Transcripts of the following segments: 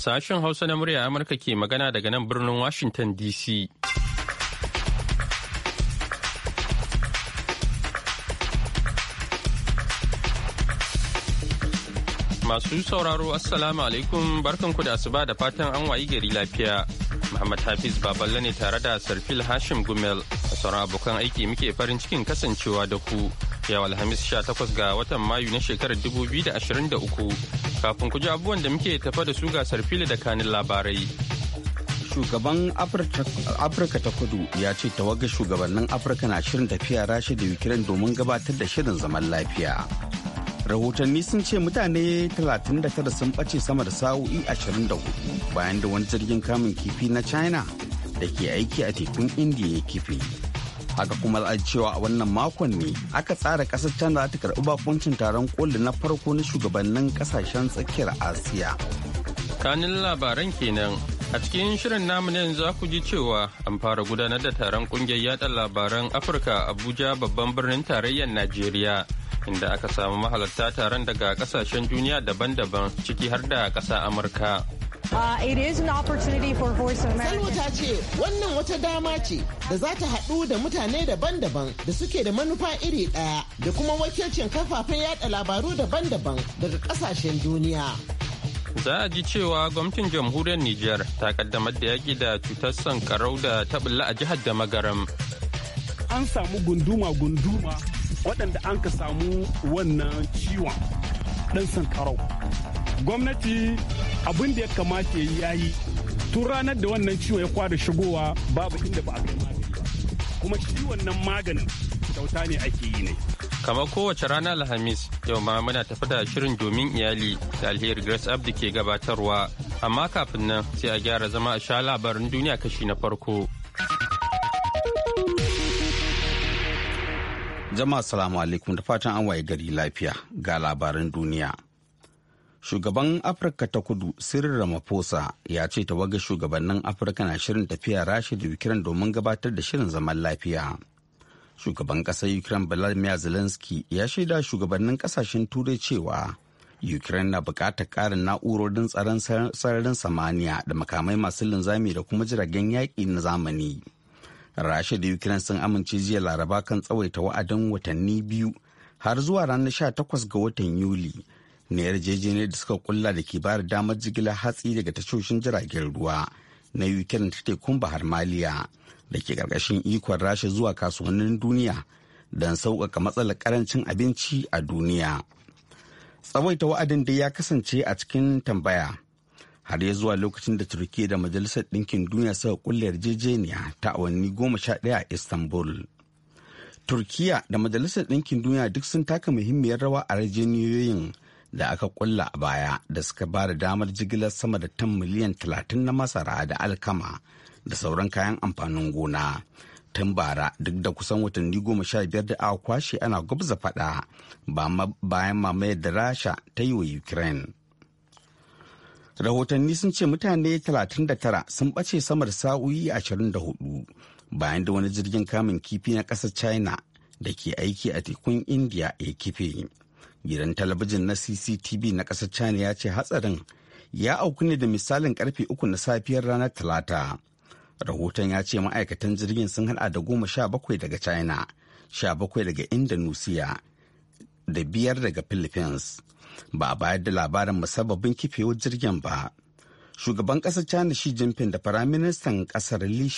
Sashen Hausa na murya Amurka ke magana daga nan birnin Washington DC. Masu sauraro Assalamu alaikum barkanku da asuba da fatan an wayi gari lafiya. Muhammad Hafiz Baballe ne tare da Sarfil Hashim Gumel a sauran abokan aiki muke farin cikin kasancewa da ku. yau alhamis 18 ga watan mayu na shekarar 2023 kafin ku abubuwan da muke tafa da su gasar fili da kanin labarai shugaban afirka ta kudu ya ce tawaga shugabannin afirka na shirin tafiya rasha da ukraine domin gabatar da shirin zaman lafiya rahotanni sun ce mutane 39 sun bace sama da sa'o'i 24 bayan da wani jirgin kamun kifi na china da ke aiki a tekun indiya ya kife haka kuma za cewa a wannan makon ne aka tsara kasar china ta karɓi bakuncin taron koli na farko na shugabannin kasashen tsakiyar asiya kanin labaran kenan a cikin shirin namu ne za ku ji cewa an fara gudanar da taron kungiyar yada labaran afirka abuja babban birnin tarayyar najeriya inda aka samu mahalarta taron daga kasashen duniya daban-daban ciki har da ƙasa amurka Uh, it is an opportunity for Voice of America. Salwa ta ce wannan wata dama ce da za ta haɗu da mutane daban-daban da suke da manufa iri ɗaya da kuma wakilcin kafafen yaɗa labaru daban-daban daga ƙasashen duniya. Za a ji cewa gwamnatin jamhuriyar Nijar ta kaddamar da yaƙi da cutar sankarau da ta a jihar da magaram. An samu gunduma-gunduma waɗanda an ka samu wannan ciwon ɗan sankarau. Gwamnati abin da ya kamata ya yi yayi tun ranar da wannan ciwo ya kwada shigowa babu inda ba a kai magani ba kuma shi wannan maganin kyauta ne ake yi ne kamar kowace rana alhamis yau ma muna tafi da shirin domin iyali da alheri grace abdi ke gabatarwa amma kafin nan sai a gyara zama a sha labarin duniya kashi na farko jama'a salamu alaikum da fatan an waye gari lafiya ga labaran duniya Shugaban Afirka ta kudu Cyril Ramaphosa ya ce tawaga shugabannin Afirka na shirin tafiya Rasha da Ukraine domin gabatar da shirin zaman lafiya. Shugaban ƙasar Ukraine vladimir Zelensky ya shaida shugabannin ƙasashen Turai cewa Ukraine na buƙatar ƙarin na'urorin tsaron sararin samaniya da makamai masu linzami da kuma jiragen yaƙi na zamani. Rasha da Ukraine sun amince jiya Laraba kan tsawaita wa'adin watanni biyu har zuwa ranar 18 ga watan Yuli. na yarjejeniyar da suka kulla da ke bayar damar jigilar hatsi daga tashoshin jiragen ruwa na ukraine ta tekun bahar maliya da ke karkashin ikon rasha zuwa kasuwannin duniya don sauƙaƙa matsalar karancin abinci a duniya tsawaita wa'adin da ya kasance a cikin tambaya har ya zuwa lokacin da turkiyya da majalisar ɗinkin duniya suka kulle yarjejeniya ta awanni goma sha ɗaya a istanbul turkiya da majalisar ɗinkin duniya duk sun taka muhimmiyar rawa a yarjejeniyoyin da aka kulla a baya da suka ba da damar jigilar sama da tan miliyan talatin na masara da alkama da sauran kayan amfanin gona. tun bara duk da kusan watanni goma sha biyar da aka kwashe ana gwabza fada bayan mamayar da rasha ta yi wa ukraine rahotanni sun ce mutane 39 sun bace sama da sa'o'i 24 bayan da wani jirgin kamun kifi na ƙasar china da ke aiki a tekun india ya kife gidan talabijin na cctv na ƙasar china ya ce hatsarin ya auku ne da misalin karfe uku na safiyar ranar talata rahoton ya ce ma'aikatan jirgin sun hada da goma sha bakwai daga china sha bakwai daga indonesia da biyar daga philippines ba a bayar da labarin musabbabin kifewar jirgin ba shugaban ƙasar china shi jinping da firaministan ƙasar li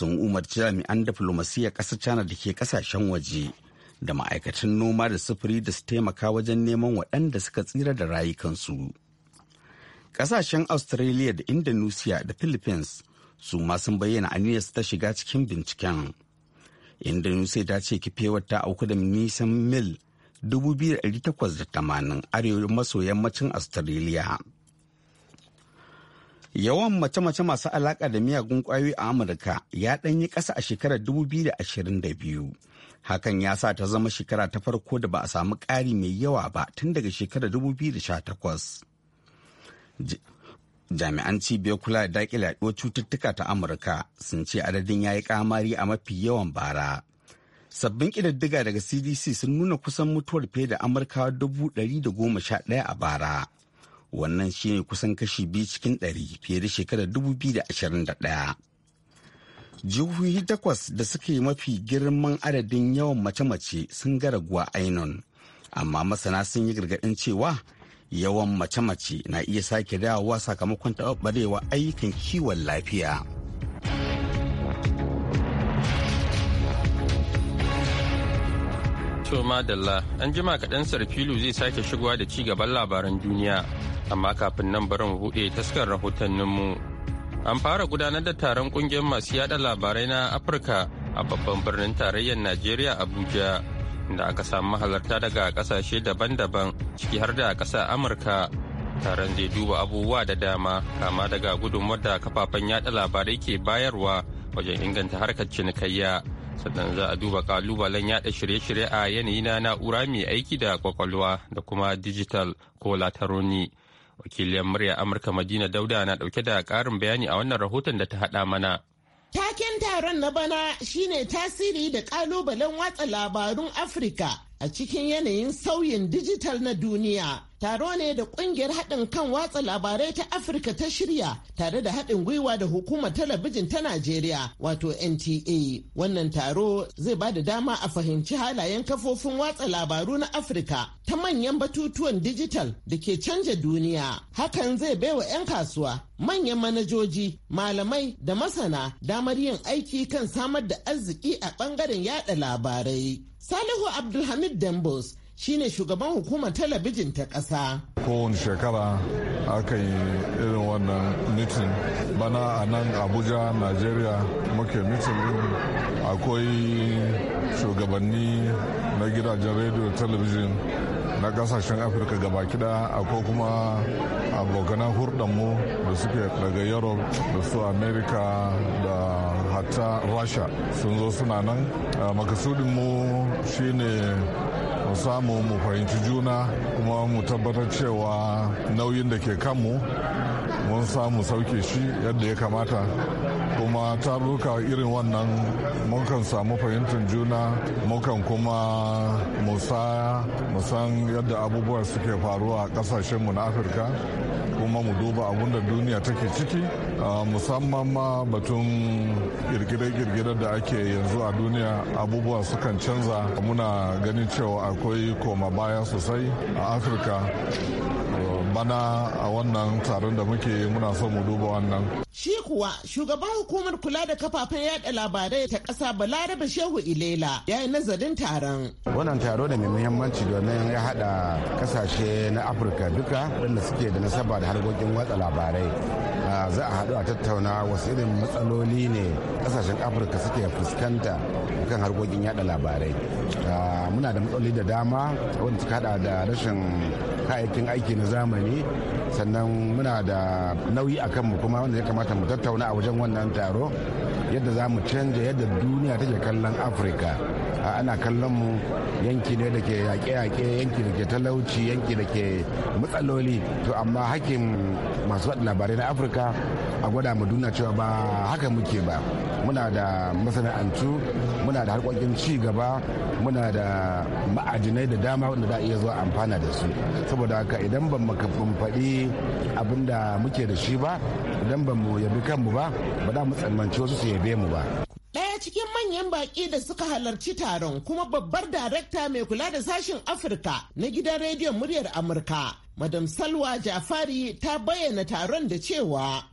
sun umarci jami'an diflomasiyyar ƙasar china da ke ƙasashen waje da ma'aikatan noma da sufuri da su taimaka wajen neman waɗanda suka tsira da rayukansu. Ƙasashen Australia da Indonesia da Philippines su ma sun bayyana aniyarsu ta shiga cikin binciken. Indonesia ta ce kifewar ta auku da nisan mil 2,880 arewa maso yammacin Australia. Yawan mace-mace masu alaƙa da miyagun ƙwayoyi a Amurka ya ɗanyi ƙasa a shekarar 2022. hakan ya sa ta zama shekara ta farko da ba a samu ƙari mai yawa ba tun daga shekarar 2018 jami'an cibiyar kula da daƙile yaɗuwar cututtuka ta amurka sun ce adadin ya yi kamari a mafi yawan bara sabbin ƙididdiga daga cdc sun nuna kusan mutuwar fiye da amurkawa ɗaya a bara wannan shine kusan kashi biyu cikin ɗari fiye da shekarar 2021 jihohi takwas da suke mafi girman adadin yawan mace-mace sun ga raguwa ainon amma masana sun yi gargaɗin cewa yawan mace-mace na iya sake dawowa sakamakon taɓaɓɓarewa ayyukan kiwon lafiya Toma Dalla, an jima kaɗan sarfilu zai sake shigowa da ci gaban labaran duniya amma kafin nan bari mu buɗe taskar rahotanninmu an fara gudanar da taron kungiyar masu yada labarai na afirka a babban birnin tarayyar najeriya abuja da aka samu mahalarta daga kasashe daban-daban ciki har da ƙasa amurka taron zai duba abubuwa da dama kama daga gudunmuwar da kafafen yada labarai ke bayarwa wajen inganta harkar cinikayya sannan za a duba kalubalen yada shirye-shirye a yanayi na na'ura mai aiki da kwakwalwa da kuma dijital ko lataroni wakiliyar murya amurka madina dauda na dauke da karin bayani a wannan rahoton da ta hada mana taken taron na bana shine tasiri da kalubalen watsa labarun afirka a cikin yanayin sauyin dijital na duniya. Taro ne da kungiyar haɗin kan watsa labarai ta Afirka ta shirya tare da haɗin gwiwa da hukumar talabijin ta Najeriya wato NTA. Wannan taro zai ba da dama a fahimci halayen kafofin watsa labaru na Afirka ta manyan batutuwan dijital da ke canja duniya. Hakan zai baiwa 'yan kasuwa, manyan manajoji, malamai da masana damar yin aiki kan samar da arziki a ɓangaren yada labarai. Salihu Abdulhamid Dambos shine shugaban hukumar talabijin ta ƙasa. Kowane shekara aka yi irin wannan mitin bana a nan Abuja, Najeriya muke mitin akwai shugabanni na gidajen rediyo talabijin na kasashen afirka gaba kida akwai kuma abokanan hurdanmu da suke daga europe da su america da hatta rasha sun zo suna nan makasudin mu shine mu samu mu fahimci juna kuma mu tabbatar cewa nauyin da ke kanmu mun samu sauke shi yadda ya kamata kuma taruka irin wannan mukan samu fahimtar juna mukan kuma musaya musan yadda abubuwa suke faruwa a kasashenmu na afirka kuma mu duba abun da duniya take ciki musamman ma batun girgire-girgire da ake yanzu a duniya abubuwa sukan canza muna ganin cewa akwai koma baya sosai a afirka bana a wannan taron da muke muna son mu duba wannan. Shi kuwa shugaban hukumar kula da kafafen yada labarai ta ƙasa Balaraba Shehu Ilela ya yi nazarin taron. Wannan taro da mai muhimmanci domin ya haɗa ƙasashe na Afirka duka wanda suke da nasaba da harkokin watsa labarai. za a haɗu a tattauna wasu irin matsaloli ne ƙasashen afirka suke fuskanta kan harkokin yada labarai muna da matsaloli da dama wanda suka hada da rashin kayayyakin aiki na zamani tunani sannan muna da nauyi a kanmu kuma wanda ya kamata mu tattauna a wajen wannan taro yadda za mu canja yadda duniya take kallon afirka ana kallon mu yanki ne da ke yaƙe-yaƙe yanki da ke talauci yanki da ke matsaloli to amma hakin masu wadda labarai na afirka a gwada mu duna cewa ba haka muke ba muna da masana'antu muna da harkokin ci gaba muna da ma'ajinai da dama wanda za a iya zuwa amfana da su saboda haka idan ban maka mu faɗi abin da muke da shi ba idan ba mu yabi kanmu ba ba da mu tsammanci wasu su yabe mu ba Ɗaya cikin manyan baƙi da suka halarci taron kuma babbar darakta mai kula da sashen Afirka na gidan rediyon muryar Amurka, Madam Salwa Jafari ta bayyana taron da cewa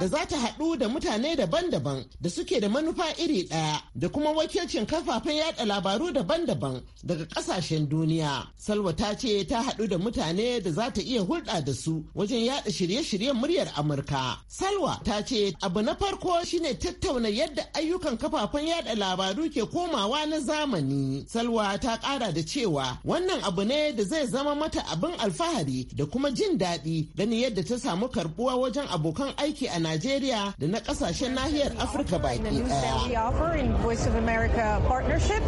da za ta haɗu da mutane daban-daban da suke da manufa iri ɗaya da kuma wakilcin kafafen yaɗa labaru daban-daban daga ƙasashen duniya. Salwa ta ce ta haɗu da mutane da za ta iya hulɗa da su wajen yaɗa shirye-shiryen muryar Amurka. Salwa ta ce abu na farko shine tattauna yadda ayyukan kafafen yaɗa labaru ke komawa na zamani. Salwa ta ƙara da cewa wannan abu ne da zai zama mata abin alfahari da kuma jin daɗi ganin yadda ta samu karɓuwa wajen abokan aiki a Najeriya da na kasashen nahiyar Afirka baki daya.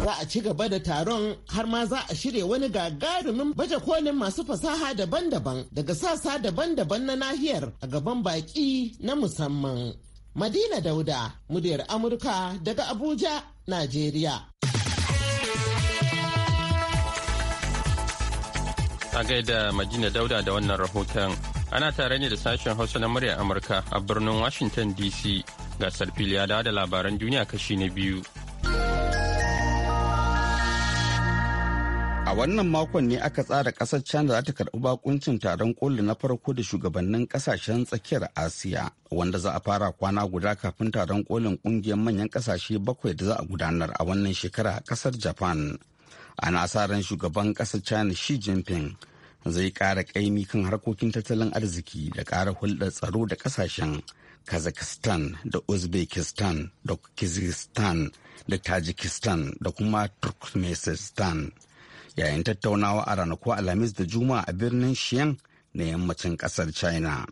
Za a ci gaba da taron har ma za a shirya wani gagarumin baje kolin masu fasaha daban-daban daga sasa daban-daban na nahiyar a gaban baki na musamman. Madina Dauda, muryar Amurka daga Abuja, Najeriya. A gaida Madina Dauda da wannan rahoton Ana tare ne da sashen Hausa na murya Amurka a birnin Washington DC ga sarfili ya da labaran duniya kashi na biyu. A wannan makon ne aka tsara ƙasar China za ta karɓi bakuncin taron koli na farko da shugabannin kasashen tsakiyar Asiya, wanda za a fara kwana guda kafin taron kolin kungiyar manyan kasashe bakwai da za a gudanar a wannan shekara a ƙasar Japan. Ana sa ran shugaban ƙasar China Xi Jinping zai ƙara ƙaimi kan harkokin tattalin arziki da ƙara hulɗar tsaro da ƙasashen kazakhstan da uzbekistan da kyrgyzstan da tajikistan da kuma turkmenistan yayin tattaunawa a ranakun alhamis da juma'a a birnin shiyan na yammacin ƙasar china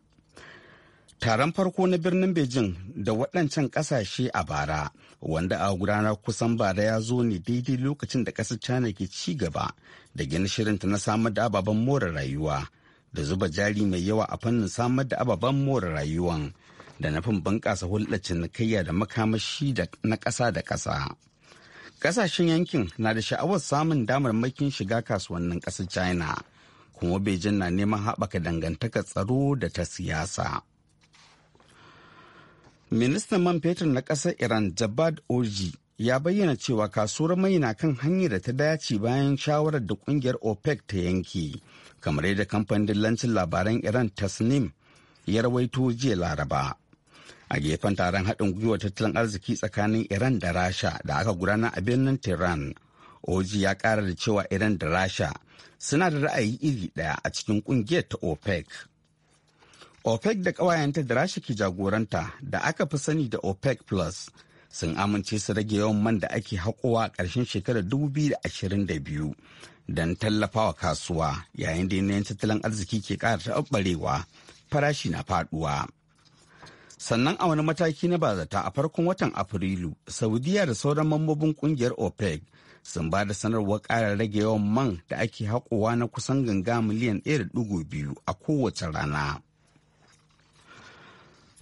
taron farko na birnin beijing da waɗancan ƙasashe a bara wanda a gudanar kusan bara ya zo ne daidai lokacin da ƙasar china ke ci gaba da gina shirinta na samar da ababen more rayuwa da zuba jari mai yawa a fannin samar da ababen more rayuwan da nufin bunƙasa hulɗar cinikayya da makamashi na ƙasa da ƙasa ƙasashen yankin na da sha'awar samun damarmakin shiga kasuwannin ƙasar china kuma beijing na neman haɓaka dangantakar tsaro da ta siyasa. Ministan man fetur na ƙasar Iran Jabad Oji ya bayyana cewa kasuwar mai na kan hanyar da ta dace bayan shawarar da kungiyar OPEC ta yanki. Kamar yadda kamfanin dillancin labaran Iran Tasnim ya rawaito jiya Laraba. A gefen taron haɗin gwiwar tattalin arziki tsakanin Iran da Rasha da aka gudana a birnin Tehran. Oji ya ƙara da cewa Iran da Rasha suna da ra'ayi iri ɗaya a cikin ƙungiyar ta OPEC. OPEC da ƙawayenta da Rasha ke jagoranta da aka fi sani da OPEC Plus sun amince su rage yawan man da ake haƙowa a ƙarshen shekarar 2022 don tallafawa kasuwa yayin da yanayin tattalin arziki ke ƙara taɓarewa farashi na faɗuwa. sannan a wani mataki na bazata a farkon watan afrilu saudiya da sauran mambobin ƙungiyar opec sun ba da sanarwar ƙara rage yawan man da ake haƙowa na kusan ganga miliyan 1.2 a kowace rana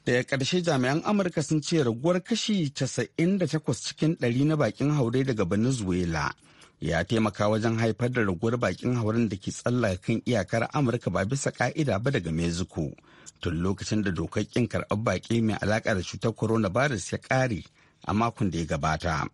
daga ƙarshe jami'an amurka sun ce raguwar kashi 98 cikin ɗari na bakin haure daga venezuela ya taimaka wajen haifar da raguwar bakin hauren da ke tsallaka kan iyakar amurka ba bisa ka'ida ba daga mexico tun lokacin da dokar kin karɓar baƙi mai alaƙa da cutar virus ya ƙare a makon da ya gabata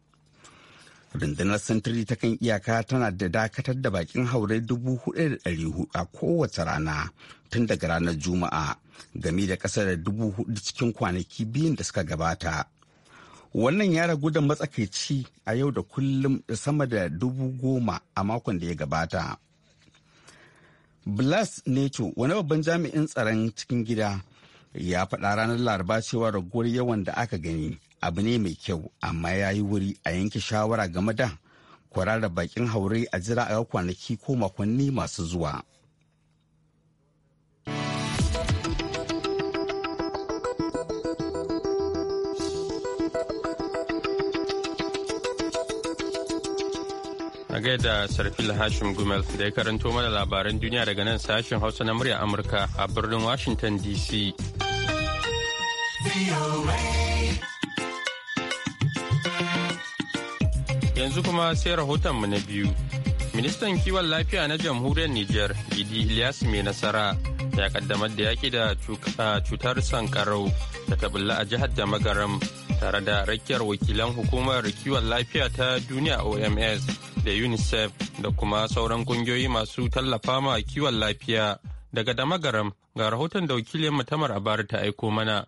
rundunar sintiri ta kan iyaka tana da dakatar da bakin haure dubu hudu a kowace rana tun daga ranar juma'a game da kasar da dubu hudu cikin kwanaki biyun da suka gabata wannan ya ragu da matsakaici a yau da kullum da sama da dubu goma a makon da ya gabata blas neto wani babban jami'in tsaron cikin gida ya faɗa ranar laraba cewa raguwar yawan da aka gani abu ne mai kyau amma ya yi wuri a yanke shawara game da kwararra bakin haure a jira a kwanaki ko makonni masu zuwa. a gaida sarfil hashim gumel da ya karanto mana labaran duniya daga nan sashen hausa na murya amurka a birnin washington dc. Yanzu kuma sai rahoton mu na biyu. Ministan kiwon lafiya na jamhuriyar Nijar, Idi Ilyas mai nasara, ya kaddamar da yaki da cutar sankarau da ta a jihar da magaram tare da rakiyar wakilan hukumar kiwon lafiya ta duniya OMS da UNICEF da kuma sauran kungiyoyi masu tallafa ma kiwon lafiya daga da magaram ga rahoton da wakilin mutamar bara ta aiko mana.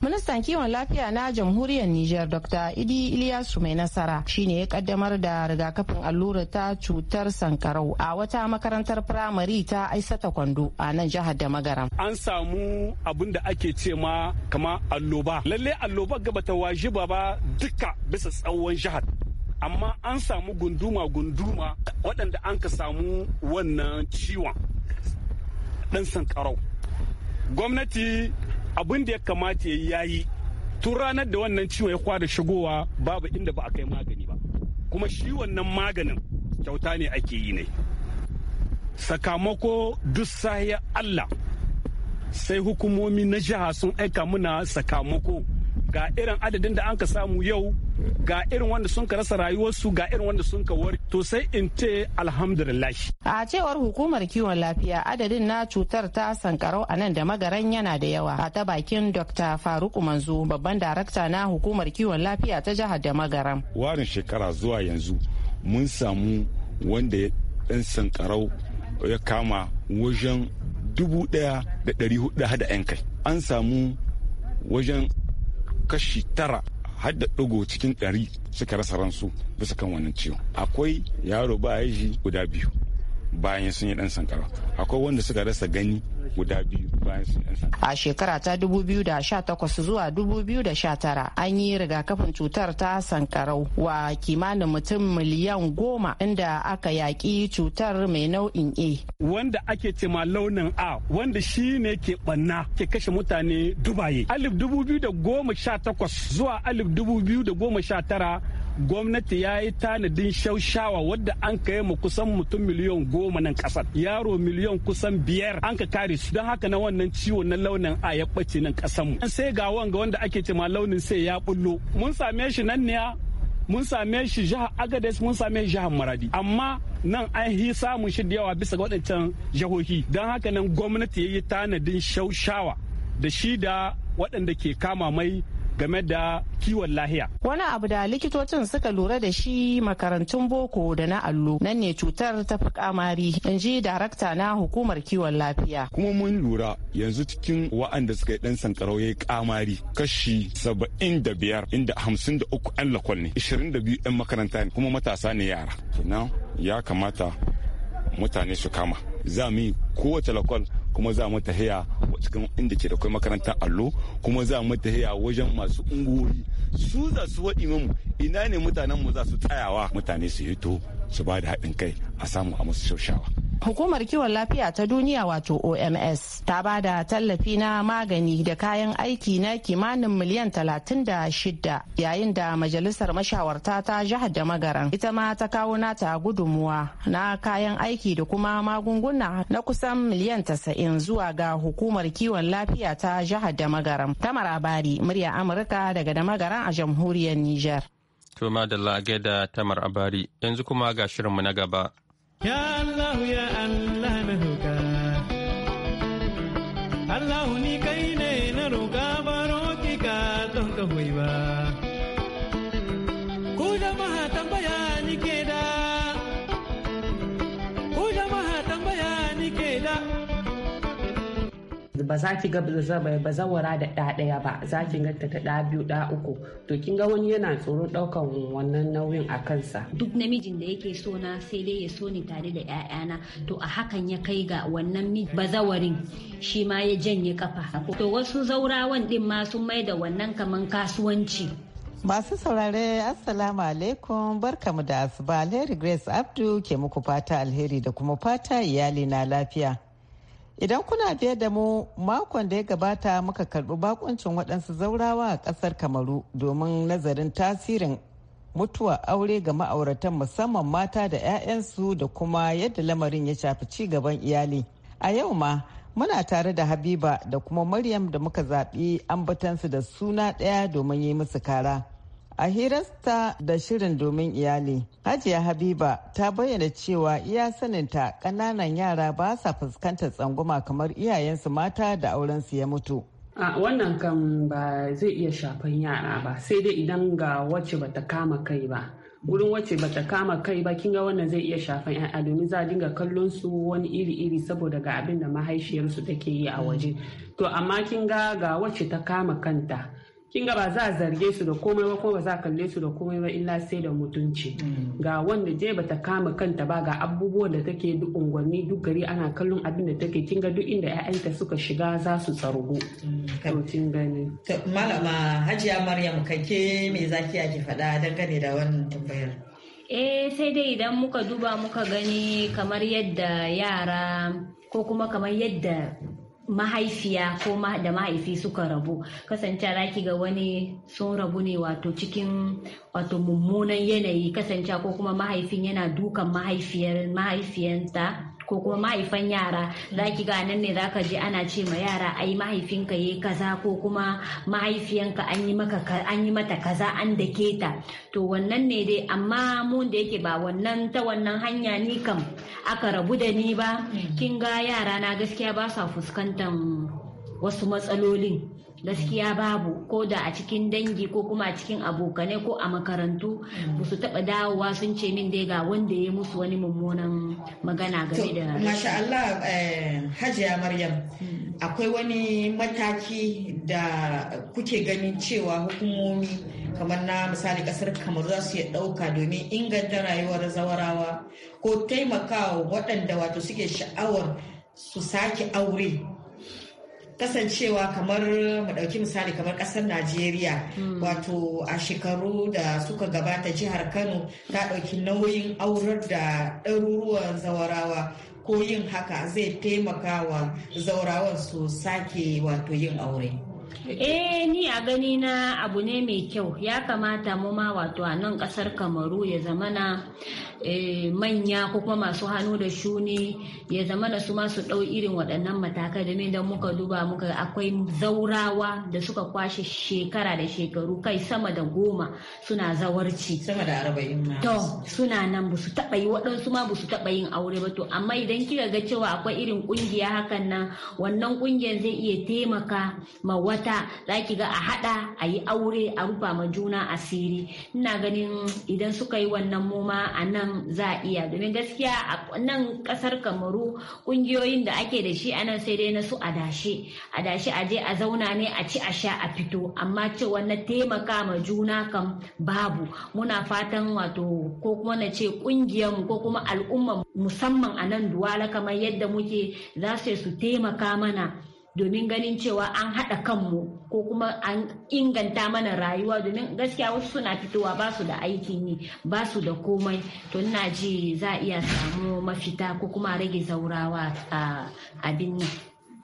Ministan kiwon lafiya na jamhuriyar Nijar Dr. Idi Iliyasu mai nasara shine ya kaddamar da rigakafin allura ta cutar sankarau a wata makarantar firamare ta Aisata Kwando a nan jihar da Magaram. An samu abin da ake ce ma kama alloba. Lalle alloba gaba ta waje ba duka bisa tsawon jihar. Amma an samu gunduma-gunduma waɗanda an ka samu wannan ciwon ɗan sankarau. Gwamnati abin da ya kamata ya yi tun ranar da wannan ciwon ya kwada shigowa babu inda ba a kai magani ba kuma shi wannan maganin kyauta ne ake yi ne sakamako duk sahiyar allah sai hukumomi na jiha sun aika muna sakamako ga irin adadin da an ka samu yau ga irin wanda sun ka rasa rayuwarsu ga irin wanda sun ka wari to sai in ce alhamdulillah a cewar hukumar kiwon lafiya adadin na cutar ta sankarau a nan da magaran yana da yawa a ta bakin dr faruku manzo babban darakta na hukumar kiwon lafiya ta jihar da magaran warin shekara zuwa yanzu mun samu wanda ya dan sankarau ya kama wajen dubu daya da dari hudu da yan kai an samu wajen kashi tara har da ɗigo cikin ɗari suka rasa ransu bisa kan wannan ciwon akwai yaro ba ya guda biyu bayan sun yi dan sankara akwai wanda suka rasa gani guda biyu bayan sun yi dan sankara a shekara ta 2018 zuwa 2019 an yi rigakafin cutar ta sankarau wa kimanin mutum miliyan goma inda aka yaƙi cutar mai nau'in a wanda ake ce ma launin a wanda shi ne ke banna ke kashe mutane dubaye alif 2018 zuwa alif 2019 gwamnati ya yi tanadin shaushawa wadda an kai ma kusan mutum miliyan goma nan kasar yaro miliyan kusan biyar an ka kare su don haka na wannan ciwo na launin a ya ɓace nan kasar mu sai ga wanga wanda ake cema launin sai ya bullo mun same shi nan ne mun same shi jihar agades mun same shi jihar maradi amma nan an yi samun shi da yawa bisa ga waɗancan jihohi don haka nan gwamnati ya yi tanadin shaushawa da shi da waɗanda ke kama mai game da kiwon lahiya. Wani abu da likitocin suka lura da shi makarantun boko da na allo nan ne cutar ta fi kamari in ji darakta na hukumar kiwon lafiya. Kuma mun lura yanzu cikin wa'anda suka yi dan sankarau ya kamari kashi saba'in da biyar inda hamsin da uku 'yan lakwal ne ishirin da biyu 'yan makaranta ne kuma matasa ne yara. Kenan ya kamata mutane su kama. Za mu yi kowace lakwal kuma za mu tahiya cikin inda ke da kai makarantar allo kuma za mu tahiya wajen masu unguwoyi su za su waɗi mu ina ne mutanen mu za su tsayawa mutane su hito su ba da haɗin kai a samu a musu shaushawa Hukumar kiwon lafiya ta duniya wato OMS ta ba da tallafi na magani da kayan aiki na kimanin miliyan 36 yayin da majalisar mashawarta ta jihar da magaran ita ma ta kawo nata gudunmuwa na kayan aiki da kuma magunguna na kusan miliyan 90 zuwa ga hukumar kiwon lafiya ta jihar da magaran. Tamar Abari, murya Amurka daga da magaran a jamhuriyar Nijar. Tuma da Lage da Tamar Abari, yanzu kuma ga shirinmu na gaba. Ya Allah ya Allah na roƙa. Allah ni ne na roƙa baro ki ka don ka ba. ba za ki ga zawara da ɗa ɗaya ba za ki ga ta ɗa biyu ɗa uku to kin ga wani yana tsoron ɗaukan wannan nauyin a kansa duk namijin da yake so na sai dai ya so ni tare da ƴaƴana to a hakan ya kai ga wannan bazawarin shi ma ya janye kafa to wasu zaurawan din ma sun mai da wannan kaman kasuwanci Masu saurare Assalamu alaikum barkamu da asuba Alheri Grace Abdu ke muku fata alheri da kuma fata iyali na lafiya. Idan kuna biye da mu makon da ya gabata muka karbi bakuncin waɗansu zaurawa a ƙasar Kamaru domin nazarin tasirin mutuwa aure ga ma'auratan musamman mata da 'ya'yansu da kuma yadda lamarin ya shafi ci gaban iyali. A yau ma muna tare da Habiba da kuma Maryam da muka zaɓi ambatansu da suna ɗaya domin yi musu kara. A hirarsa da shirin domin iyali, Hajiya Habiba ta bayyana cewa iya saninta ƙananan yara ba sa fuskantar tsangwama kamar iyayensu mata da aurensu ya mutu. a wannan kan ba zai iya shafan yara ba sai dai idan ga wacce bata kama kai ba gurin wacce bata kama kai ba kinga wannan zai iya shafan yara domin za a dinga kallon su wani iri iri saboda ga abin da mahaishiyarsu take yi a waje to amma kin ga ga wacce ta kama kanta kin ga ba za a zarge su da komai ba ko ba za a kalle su da komai ba illa sai da mutunci mm. ga wanda je bata kama kanta ba ga abubuwan da take duk unguwanni duk gari ana kallon abin da take kin ga duk inda ƴaƴanta suka shiga za su tsargu mm, to kin gani malama hajiya maryam kake me zaki fada faɗa dangane da wannan tambayar eh sai dai idan muka duba muka gani kamar yadda yara ko kuma kamar yadda mahaifiya ko da mahaifi suka rabu kasance raki ga wani sun rabu ne wato cikin wato mummunan yanayi kasance ko kuma mahaifin yana dukan mahaifiyar mahaifiyanta ko kuma mahaifan yara mm. za ki ga nan ne za ka je ana ce ma yara ai mahaifinka yi kaza ko kuma mahaifiyanka an yi mata kaza an dake ta to wannan ne dai amma mun da yake ba wannan ta wannan hanya ni kam aka rabu da ni ba mm. kin ga yara na gaskiya ba sa fuskantan wasu matsalolin gaskiya babu ko da a cikin dangi ko kuma a cikin abokanai ko a makarantu ba su taba dawowa sun ce min dai ga wanda ya musu wani mummunan magana game da masha Allah eh, hajiya maryam hmm. akwai wani mataki da kuke ganin cewa hukumomi kamar na misali kasar kamar za su iya ɗauka domin inganta rayuwar zawarawa ko taimakawa waɗanda wato suke sha'awar su sake aure kasancewa kamar mu ɗauki misali kamar ƙasar najeriya hmm. wato a shekaru da suka gabata jihar kano ta ɗauki nauyin aurar da ɗaruruwan zawarawa ko yin haka zai taimaka wa zaurawan su sake wato yin aure eh ni a gani na abu ne mai kyau ya kamata mu ma wato a nan kasar kamaru ya zamana eh, manya ko kuma masu hannu da shuni ya zamana su masu ɗau irin waɗannan matakai domin idan muka duba muka akwai zaurawa da suka kwashe shekara da shekaru kai sama da goma suna zawarci sama da arba'in ma to suna nan ba su taɓa yi waɗansu ma ba su taɓa yin aure ba to amma idan kika ga cewa akwai irin ƙungiya hakan nan wannan ƙungiyar zai iya taimaka ma wata za ki ga a haɗa a yi aure a rufa ma juna asiri ina ganin idan suka yi wannan moma a nan za a iya domin gaskiya a nan kasar kamaru ƙungiyoyin da ake da shi a nan sai dai na su adashe adashe a je a zauna ne a ci a sha a fito amma cewa na taimaka ma juna kam babu muna fatan wato ko kuma na ce mu ko kuma al'umma musamman a nan duwala kamar yadda muke za su taimaka mana domin ganin cewa an haɗa kanmu ko kuma an inganta mana rayuwa domin gaskiya wasu suna fitowa ba su da aikin yi ba su da komai to ina ji za a iya samu mafita ko kuma rage zaurawa a abin nan.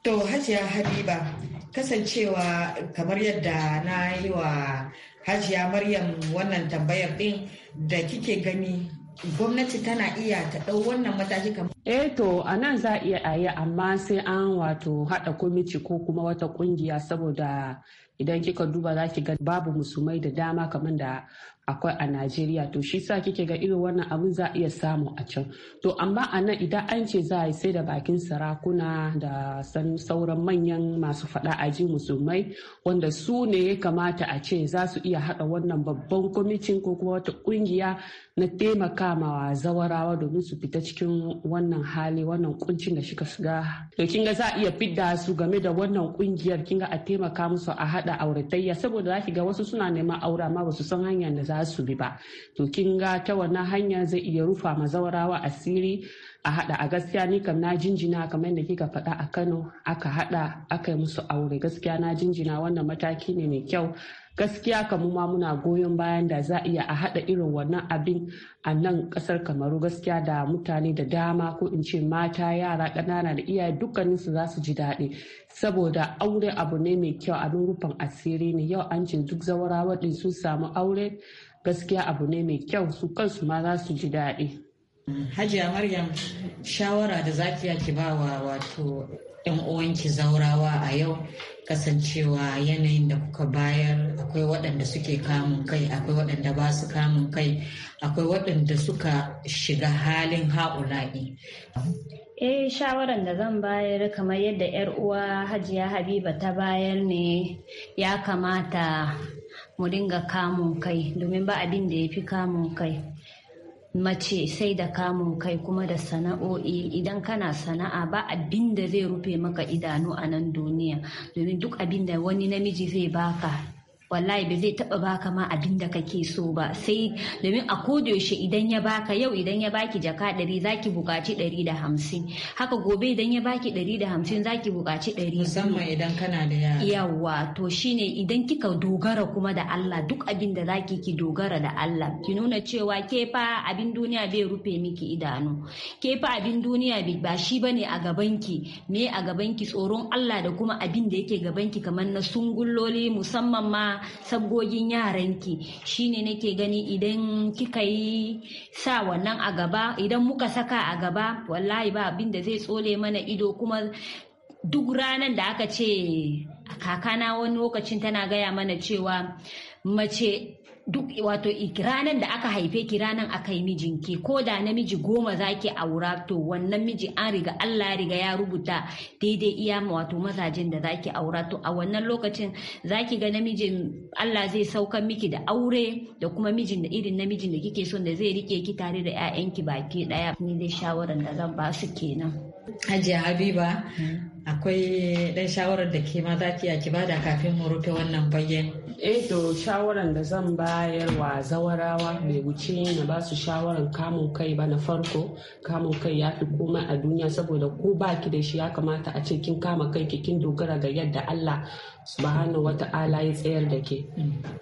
To Hajiya Habiba kasancewa kamar yadda na yi wa Hajiya Maryam wannan tambayar ɗin da kike gani gwamnati tana iya ta ɗau wannan mataki kamar. Eh to a nan za a iya a amma sai an wato haɗa kwamiti ko kuma wata ƙungiya saboda idan kika duba za ki ga babu musumai da dama kamar da akwai a Najeriya to shi sa kike ga irin wannan abin za a iya samu a can to amma a nan idan an ce za a yi sai da bakin sarakuna da san sauran manyan masu fada a ji musulmai wanda su ne ya kamata a ce za su iya hada wannan babban kwamitin ko kuma wata kungiya na taimaka ma zawarawa domin su fita cikin wannan hali wannan kuncin da shika shiga to kin ga za a iya fidda su game da wannan kungiyar kin ga a taimaka musu a hada auratayya saboda za ki ga wasu suna neman aura amma ba su san hanyar da za su bi ba to kin ga ta wannan hanya zai iya rufa ma zaurawa asiri a hada a gaskiya ni kam na jinjina kamar da kika faɗa a Kano aka hada aka yi musu aure gaskiya na jinjina wannan mataki ne mai kyau gaskiya kamu ma muna goyon bayan da za iya a haɗa irin wannan abin a nan kasar kamaru gaskiya da mutane da dama ko in ce mata yara ƙanana da iyaye dukkanin su za su ji daɗi saboda aure abu ne mai kyau abin rufin asiri ne yau an duk zawarawa ɗin su samu aure gaskiya abu ne mai kyau su kansu ma za su ji daɗi. Hajiya Maryam shawara da za ki ba wa wato yan uwanki zaurawa a yau kasancewa yanayin da kuka bayar akwai waɗanda suke kamun kai akwai waɗanda ba su kamun kai akwai waɗanda suka shiga halin ha'ula'i. eh shawaran da zan bayar kamar yadda 'yar uwa hajiya habiba ta bayar ne ya kamata mu dinga kamun kai domin ba abin da ya fi kamun kai mace sai da kamun kai kuma da sana'o'i idan kana sana'a ba abin da zai rufe maka idanu a nan duniya domin duk abin da wani namiji zai baka wallahi ba zai taba baka ma abin da kake so ba sai domin a yaushe idan ya baka yau idan ya baki jaka ɗari zaki buƙaci ɗari da hamsin haka gobe idan ya baki ɗari da hamsin zaki buƙaci ɗari musamman idan kana da yara yawa to shine idan kika dogara kuma da Allah duk abin da zaki ki dogara da Allah ki nuna cewa ke fa abin duniya bai rufe miki idanu ke fa abin duniya ba shi bane a gaban ki? me a gaban ki tsoron Allah da kuma abin da yake gaban ki kamar na sungulloli musamman ma sabgogin yaranki ne nake gani idan kika yi sa wannan a gaba idan muka saka a gaba wallahi ba abin da zai tsole mana ido kuma duk ranar da aka ce kakana wani lokacin tana gaya mana cewa mace duk wato ranan da aka haife ki ranan aka yi mijinki ko da namiji goma zaki aura to wannan miji an riga Allah ya riga ya rubuta daidai iya wato mazajen da zaki aura to a wannan lokacin zaki ga namijin Allah zai saukar miki da aure da kuma mijin da irin namijin da kike son da zai rike ki tare da 'ya'yanki baki daya ni dai shawaran da zan ba su kenan Hajiya Habiba hmm. akwai dan shawarar da ke ma za ki ya kafin mu rufe wannan bayan eh to shawaran da zan bayar wa zawarawa bai wuce na ba su shawaran kamun kai ba na farko kamun kai ya fi komai a duniya saboda ko baki da shi ya kamata a ce kin kama kai kin dogara ga yadda Allah subhanahu wata'ala ya tsayar da ke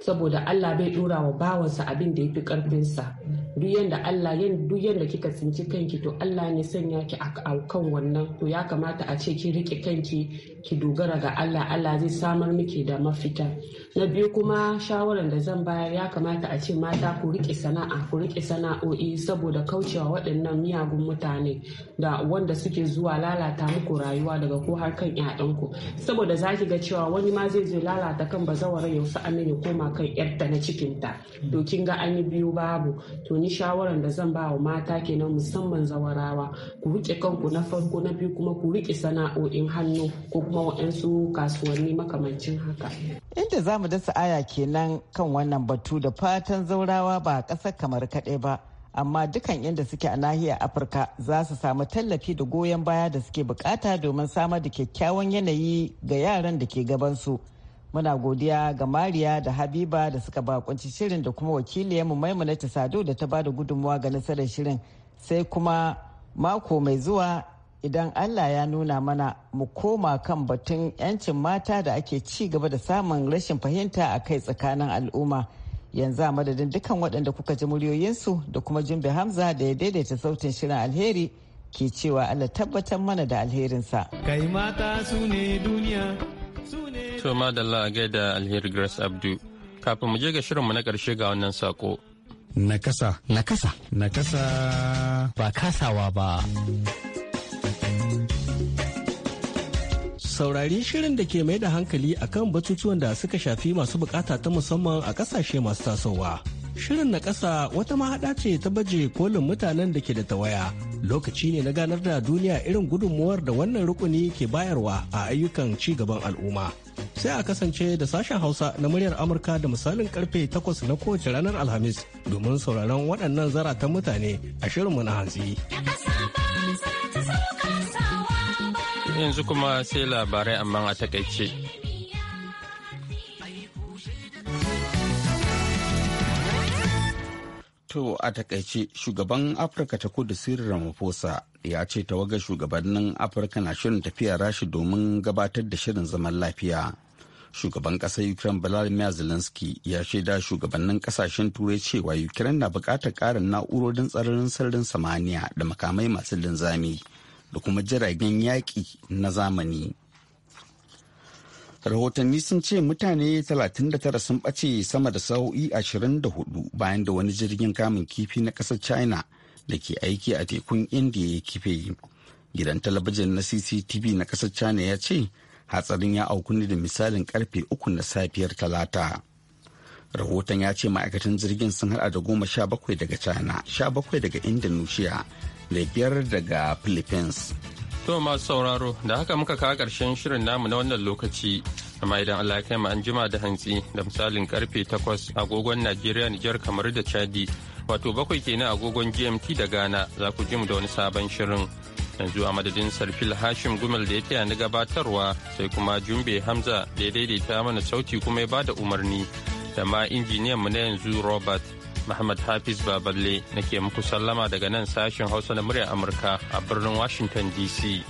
saboda Allah bai dora wa bawansa abin da ya fi karfinsa duk yanda Allah duk yanda kika tsinci kanki to Allah ne sanya ki a kan wannan to ya kamata a ce ki rike kanki ki dogara ga Allah Allah zai samar miki da mafita na biyu kuma shawaran da zan bayar ya kamata a ce mata ku rike sana'a ku rike sana'o'i saboda kaucewa waɗannan miyagun mutane da wanda suke zuwa lalata muku rayuwa daga ko har kan ƴaƴanku saboda zaki ga cewa wani ma zai zo lalata kan ba zawara yau nan ya koma kan 'yarta na cikinta to kin ga an yi biyu babu to ni shawaran da zan ba wa mata kenan musamman zawarawa ku rike kanku na farko na biyu kuma ku rike sana'o'in hannu ko kuma waɗansu kasuwanni makamancin haka. Inda za mu dasa aya kenan kan wannan batu da fatan zaurawa ba a ƙasar kamar kaɗai ba amma dukan inda suke a nahiyar afirka za su samu tallafi da goyon baya da suke bukata domin samar da kyakkyawan yanayi ga yaran da ke gabansu muna godiya ga mariya da habiba da suka bakunci shirin da kuma wakiliyarmu maimuna sado da ta ba da gudunmuwa ga nasarar shirin sai kuma mako mai zuwa idan Allah ya nuna mana mu koma kan batun 'yancin mata da ake ci gaba da samun rashin fahimta a kai tsakanin al'umma yanzu a madadin dukkan waɗanda kuka ji muryoyinsu da kuma jimbe hamza da ya daidaita sautin shirin alheri ke cewa Allah tabbatar mana da alherinsa. Kai mata su ne duniya su ne. To madalla a gaida alheri Grace Abdu. Kafin mu je ga shirinmu na ƙarshe ga wannan saƙo. Nakasa. Nakasa. Nakasa. Ba kasawa ba. saurari shirin da ke mai da hankali akan batutuwan da suka shafi masu bukata ta musamman a kasashe masu tasowa. Shirin na ƙasa wata mahaɗa ce ta baje kolin mutanen da ke da tawaya. Lokaci ne na ganar da duniya irin gudunmuwar da wannan rukuni ke bayarwa a ayyukan ci gaban al'umma. Sai a kasance da sashen Hausa na muryar Amurka da misalin karfe takwas na kowace ranar Alhamis domin sauraron waɗannan zaratan mutane a shirinmu na hantsi. yanzu kuma sai labarai amma a takaice. To a takaice shugaban Afirka ta kudu Cyril Ramaphosa ya ce tawagar shugabannin Afirka na shirin tafiya rashi domin gabatar da shirin zaman lafiya. Shugaban ƙasar Ukraine Vladimir Zelensky ya shaida shugabannin ƙasashen turai cewa Ukraine na buƙatar ƙarin na'urorin tsararin sararin samaniya da makamai masu linzami da kuma jiragen yaƙi na zamani. rahotanni sun ce mutane 39 sun ɓace sama da sa'o'i 24 bayan da wani jirgin kamun kifi na ƙasar china da ke aiki a tekun india ya kife gidan talabijin na cctv na ƙasar china ya ce hatsarin ya auku ne da misalin karfe 3 na safiyar talata rahoton ya ce ma'aikatan jirgin sun hada da goma sha bakwai daga china sha bakwai daga indonesia da biyar daga philippines to masu sauraro da haka muka kawo karshen shirin namu na wannan lokaci amma idan allah ya kai mu an jima da hantsi da misalin karfe takwas agogon najeriya nijar kamar da chadi wato bakwai kenan agogon gmt da ghana za ku ji mu da wani sabon shirin yanzu a madadin sarfil hashim gumel da ya taya ni gabatarwa sai kuma jumbe hamza da ya daidaita mana sauti kuma ya bada umarni da ma injiniyanmu na yanzu Robert Muhammad Hafiz Baballe nake muku sallama daga nan sashen Hausa na muryar Amurka a birnin Washington DC.